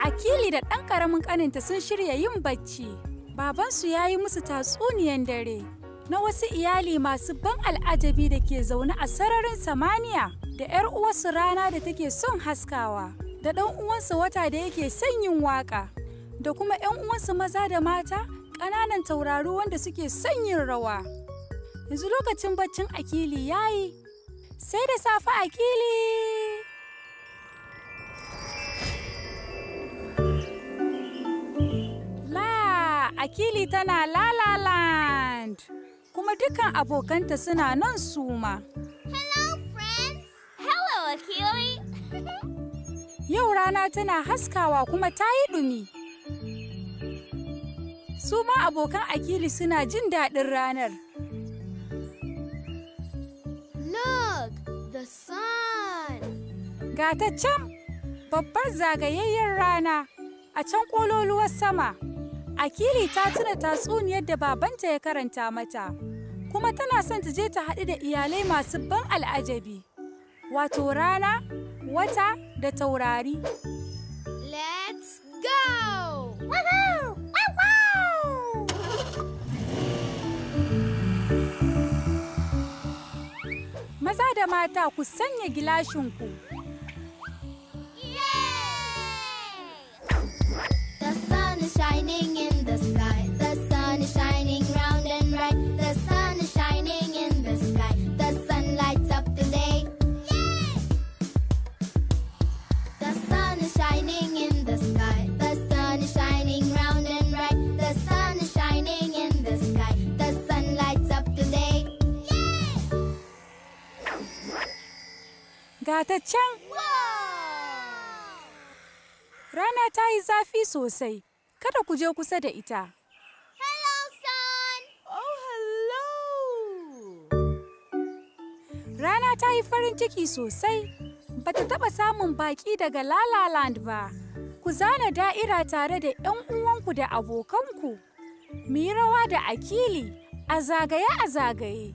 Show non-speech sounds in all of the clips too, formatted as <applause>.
Akili da ɗan ƙaramin ƙaninta sun shirya yin bacci. Babansu ya yi musu tatsuniyan dare na wasu iyali masu ban al'ajabi da ke zaune a sararin samaniya da 'yar uwarsu rana da take son haskawa da ɗan uwansu wata da yake son yin waƙa da kuma 'yan uwansu maza da mata ƙananan taurari wanda suke son yin rawa. Yanzu lokacin baccin akili ya yi, sai da safe akili. akili tana lalaland kuma dukan abokanta suna nan suma. Hello friends! Hello Akili! <laughs> Yau rana tana haskawa kuma ta yi ɗumi. Su abokan Akili suna jin daɗin ranar. Look, the sun! Ga ta can, babbar zagayayyen rana a can ƙololuwar sama. Akili ta tuna tatsuniyar da babanta ya karanta mata, kuma tana son ta je ta haɗu da iyalai masu ban al'ajabi, wato rana, wata da taurari. Let's go! Maza da mata ku sanya gilashinku. The sun is shining in ƙayataccen rana ta yi zafi sosai kada ku je kusa da ita hello son oh hello rana ta yi farin ciki sosai ba ta taɓa samun baƙi daga lalaland ba ku zana da'ira tare da 'yan uwanku da abokanku mu yi rawa da akili a zagaye a zagaye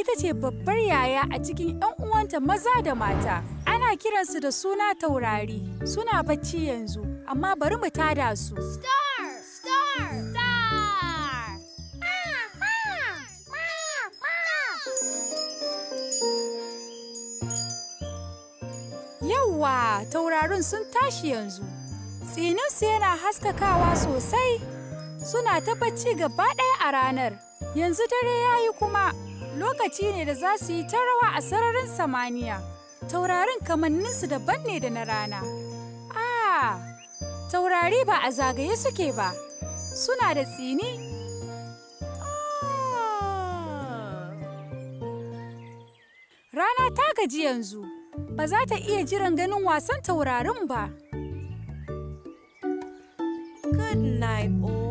ita ce babbar yaya a cikin 'yan uwanta maza da mata. Ana kiransu da suna taurari, suna bacci yanzu, amma bari mu tada su. Star! Star! Star! Yawwa, taurarin sun tashi yanzu. Tsininsu yana haskakawa sosai, suna ta bacci gaba ɗaya a ranar. Yanzu dare ya yi kuma. lokaci ne da za su yi ta rawa a sararin samaniya taurarin kamanninsu daban ne da na rana a taurari ba a zagaye suke ba suna da tsini rana ta gaji yanzu ba za ta iya jiran ganin wasan taurarin ba good night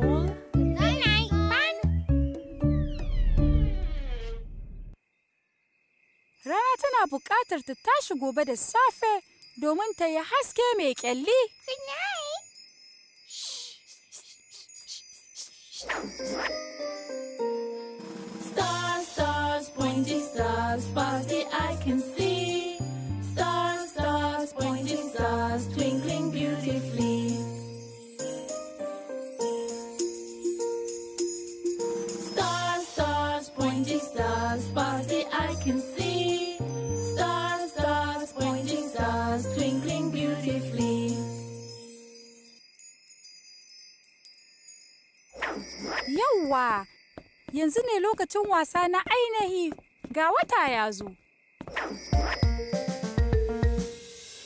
buƙatar ta tashi gobe da safe domin ta yi haske mai ƙyalli. Stars, stars, pointy stars, I can see. lokacin wasa na ainihi ga wata ya zo.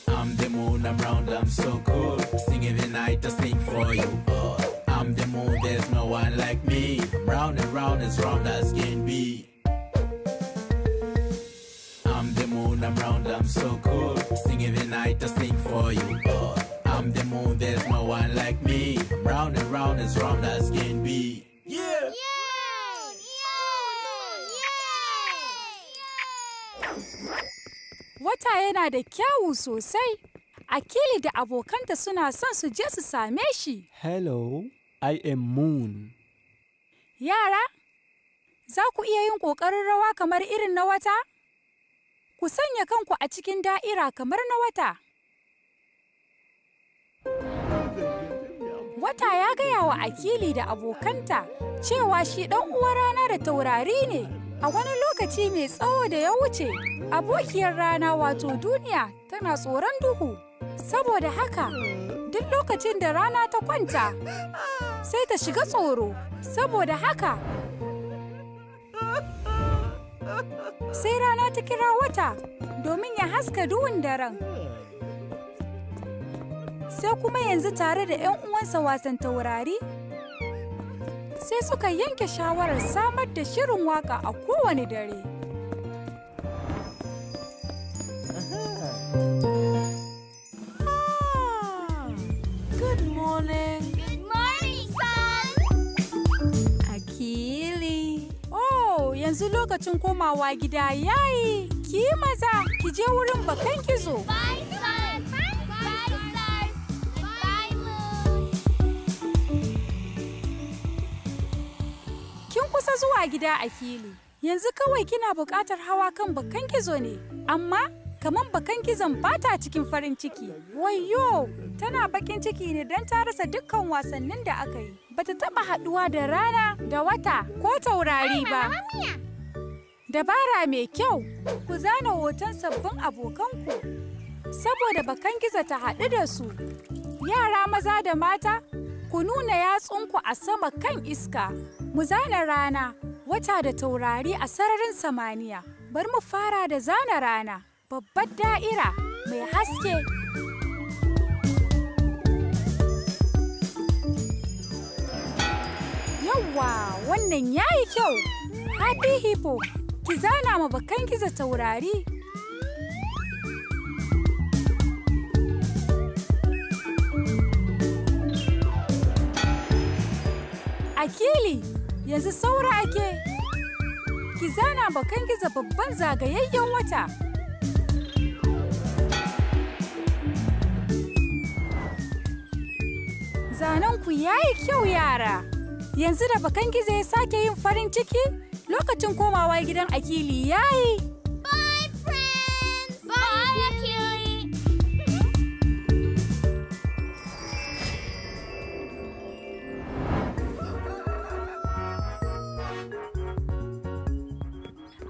I'm the moon, I'm round, I'm so cool. Singing the night, I sing for you. Oh, I'm the moon, there's no one like me. I'm round and round, as round as can be. I'm the moon, I'm round, I'm so cool. Singing the night, I sing for you. Oh, I'm the moon, there's no one like me. I'm round and round, as round Wata yana da kyawu sosai. Akili da abokanta suna son su je su same shi. Hello, I am Moon. Yara, za ku iya yin ƙoƙarin rawa kamar irin na wata? Ku sanya kanku a cikin da'ira kamar na wata. Wata ya gaya wa Akili da abokanta cewa shi ɗan uwa rana da taurari ne. A wani lokaci mai tsawo da ya wuce, abokiyar rana wato duniya tana tsoron duhu. Saboda haka, duk lokacin da rana ta kwanta, sai ta shiga tsoro. Saboda haka, sai rana ta kira wata domin ya haska duhun daren. Sai kuma yanzu tare da 'yan uwansa wasan taurari sai suka yanke shawarar samar da shirin waka a kowane dare. Ah, good morning. Good morning, Akili. Oh, yanzu lokacin komawa gida yayi. Ki maza, ki je wurin bakan kizo. Bye. zuwa gida a fili. Yanzu kawai kina buƙatar hawa kan bakan gizo ne, amma kamar bakan gizon ba ta cikin farin ciki. Wayyo, tana bakin ciki ne don ta rasa dukkan wasannin da aka yi. Ba ta taɓa haɗuwa da rana da wata ko taurari ba. Dabara mai kyau, ku zana hoton sabbin abokanku. Saboda bakan gizo ta haɗu da su, yara maza da mata ku nuna yatsunku a sama kan iska, mu zana rana, wata da taurari a sararin samaniya, Bar mu fara da zana rana, babbar da'ira mai haske. Yawwa, wannan yayi kyau! Happy Hippo, ki zana ma bakan gizo taurari Akili, yanzu saura ake. Ki zana bakan giza babban zagayayyen wata. Zanenku ya yi kyau yara. Yanzu da bakan giza ya sake yin farin ciki lokacin komawa gidan Akili ya yi.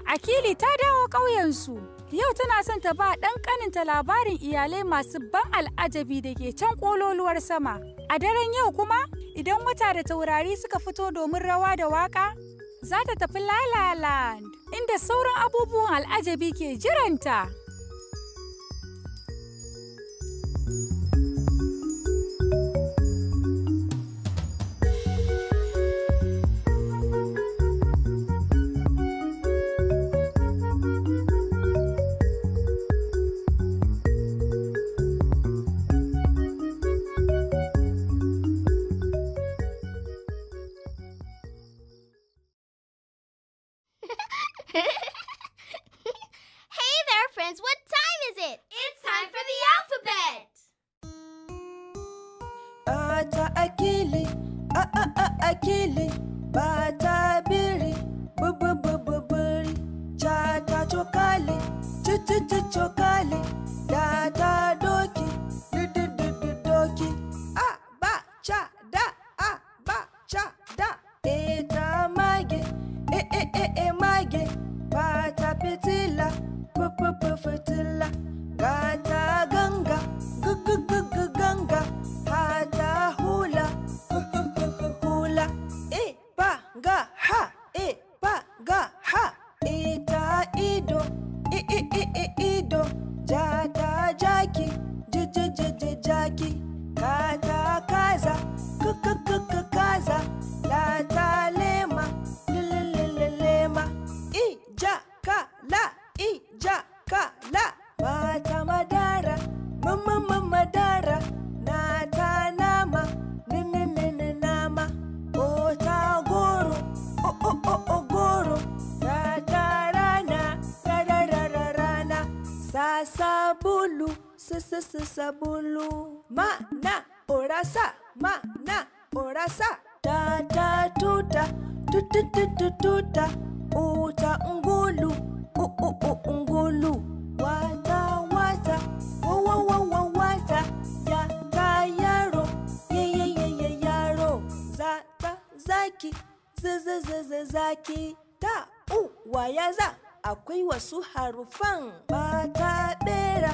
Akili ta dawo ƙauyensu. Yau tana son ta ba ɗan ƙaninta labarin iyalai masu ban al'ajabi da ke can ƙololuwar sama. A daren yau kuma, idan wata da taurari suka fito domin rawa da waƙa, za ta tafi Lalaland, inda sauran abubuwan al'ajabi ke jiranta. to laugh. sabulu ma na orasa ma na orasa ta ta tuta uta ngulu u u u wata wata wa wa wata ya yaro ye ye ye yaro za zaki z z z zaki ta u wa ya za akwai wasu harufan bata bera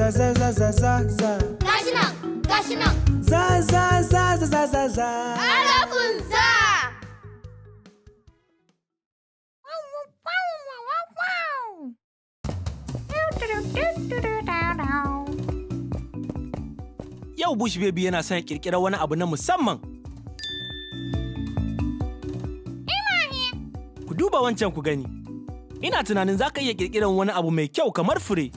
za za za za za za za za za za za za za za za Yau Bush Baby yana son ƙirƙirar wani abu na musamman. Ku duba wancan ku gani. Ina tunanin za ka iya ƙirƙirar wani abu mai kyau kamar fure.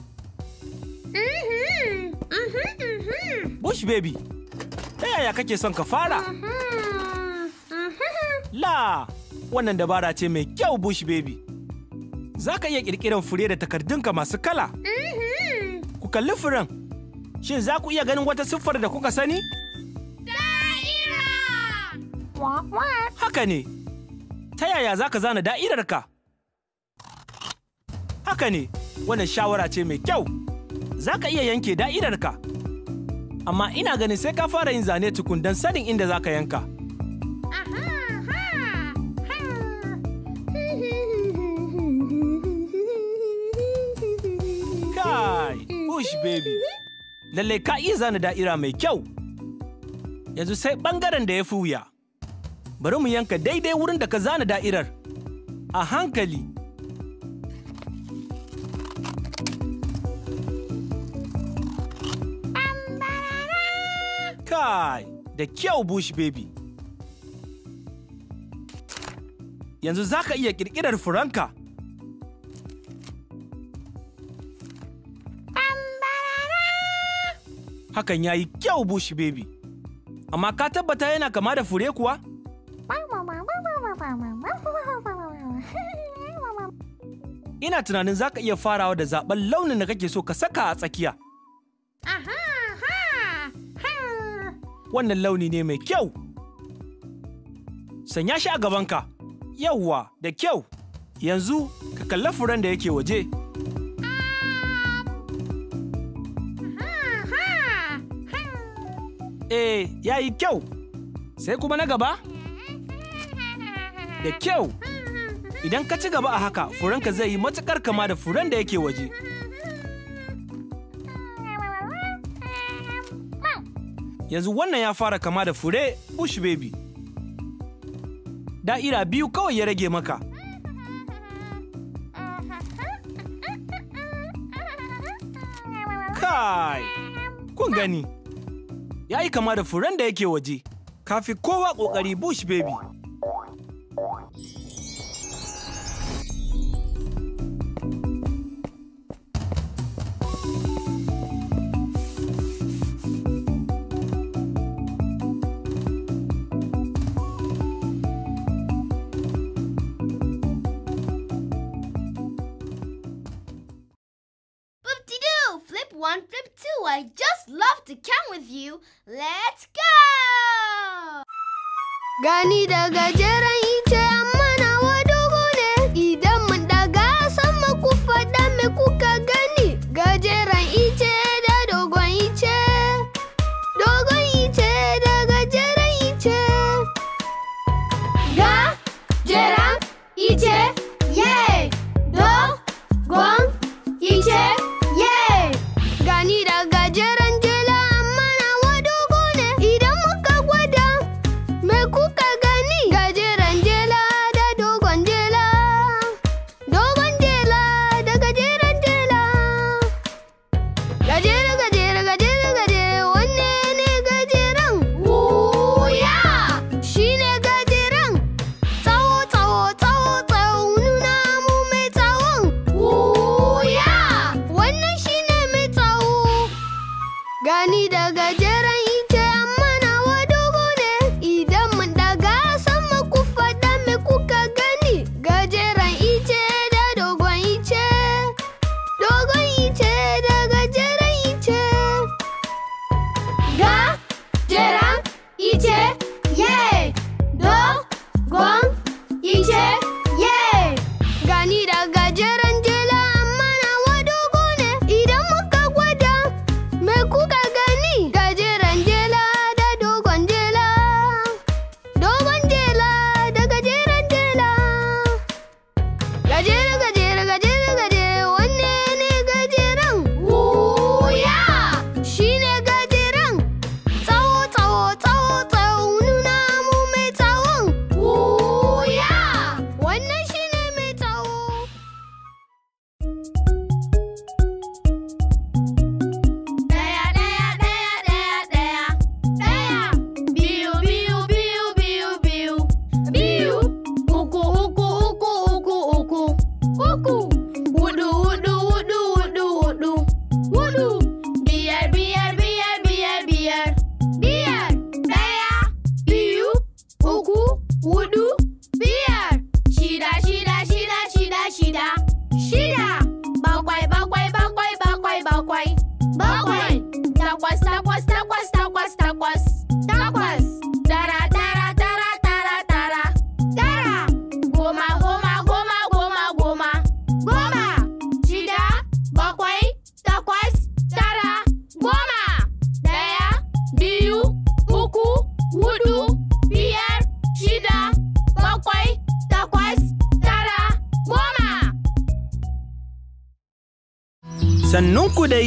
Push baby, ta yaya kake son ka fara? La, wannan dabara ce mai kyau Bush baby. Za ka iya ƙirƙirar fure da takardunka masu kala. Ku kalli furen, shin za ku iya ganin wata siffar da kuka sani? Da'ira! Haka ne, ta yaya za ka zana da'irarka? Haka ne, wannan shawara ce mai kyau. Za ka iya yanke da'irarka. amma ina ganin sai ka fara yin zane tukun don sanin inda za ka yanka. Kai, push baby. Lallai ka iya zana da'ira mai kyau. Yanzu sai ɓangaren da ya fi wuya. Bari mu yanka daidai wurin da ka zana da'irar. A hankali. Kai, da kyau Bush Baby. Yanzu za ka iya ƙirƙirar furanka. Hakan ya yi kyau Bush Baby. Amma ka tabbata yana kama da fure kuwa? <laughs> Ina tunanin za ka iya farawa da zaɓen launin da kake so ka saka a tsakiya. wannan launi ne mai kyau. Sanya shi a gabanka, yauwa da kyau, yanzu ka kalla furen da yake waje. Eh, ya yi kyau, sai kuma na gaba? Da kyau, idan ka ci gaba a haka furenka zai yi matuƙar kama da furen da yake waje. yanzu wannan ya fara kama da fure bush baby da'ira biyu kawai ya rage maka kai kun gani ya yi kama da furen da yake waje kafi kowa ƙoƙari bush baby I just love to come with you. Let's go! Gani da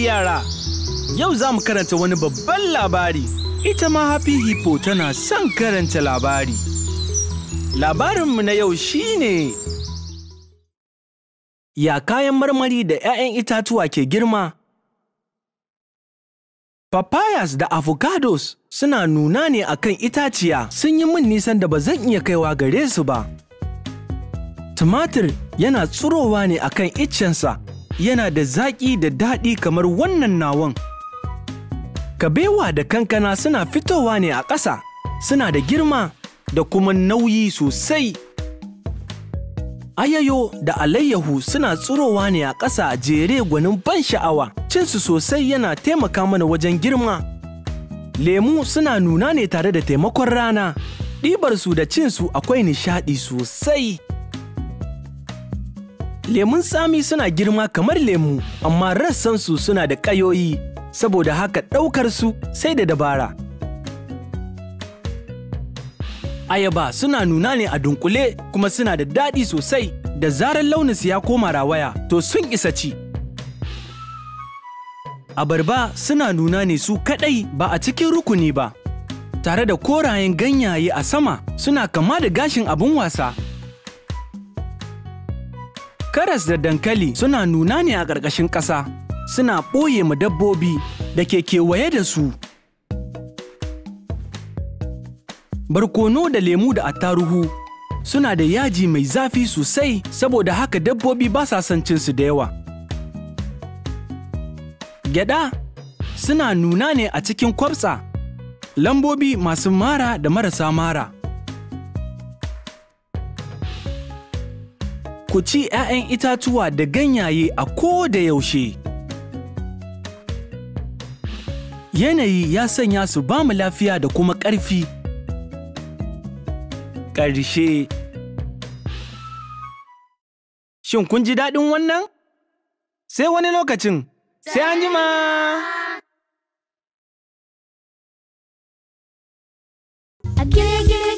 yara, yau za mu karanta wani babban labari. Ita ma hafi Hippo tana son karanta labari. Labarinmu na yau shi ne, ya kayan marmari da 'ya'yan itatuwa ke girma. Papayas da avocados suna nuna ne a kan itaciya sun yi min nisan da ba zan iya kaiwa gare su ba. Tumatir yana tsurowa ne a kan iccensa yana da zaƙi da daɗi kamar wannan nawan. Kabewa da kankana suna fitowa ne a ƙasa, suna da girma da kuma nauyi sosai. Ayayo da alayyahu suna tsurowa ne a ƙasa a jere gwanin ban sha'awa, cinsu sosai yana taimaka mana wajen girma. Lemu suna nuna ne tare da taimakon rana, ɗibarsu da cinsu akwai nishaɗi sosai. Lemun tsami suna girma kamar lemu, amma rassansu suna da ƙayoyi, saboda haka ɗaukar su sai da dabara. Ayaba suna nuna ne a dunkule kuma suna da daɗi sosai, da zarar launinsu ya koma rawaya, to sun isa ci. Abarba suna nuna ne su kaɗai ba a cikin rukuni ba, tare da korayen ganyaye a sama suna kama da gashin abin wasa. Karas da dankali suna nuna ne a ƙarƙashin ƙasa, suna ɓoye ma dabbobi da ke kewaye da su. Barkono da lemu da attaruhu suna da yaji mai zafi sosai saboda haka dabbobi ba sa son cinsu da yawa. Gyaɗa suna nuna ne a cikin kwabsa, lambobi masu mara da marasa mara. ku ci 'ya'yan itatuwa da ganyaye a ko da yaushe. Yanayi ya sanya su ba mu lafiya da kuma ƙarfi. Ƙarshe Shin kun ji daɗin wannan? Sai wani lokacin, sai an jima! A gire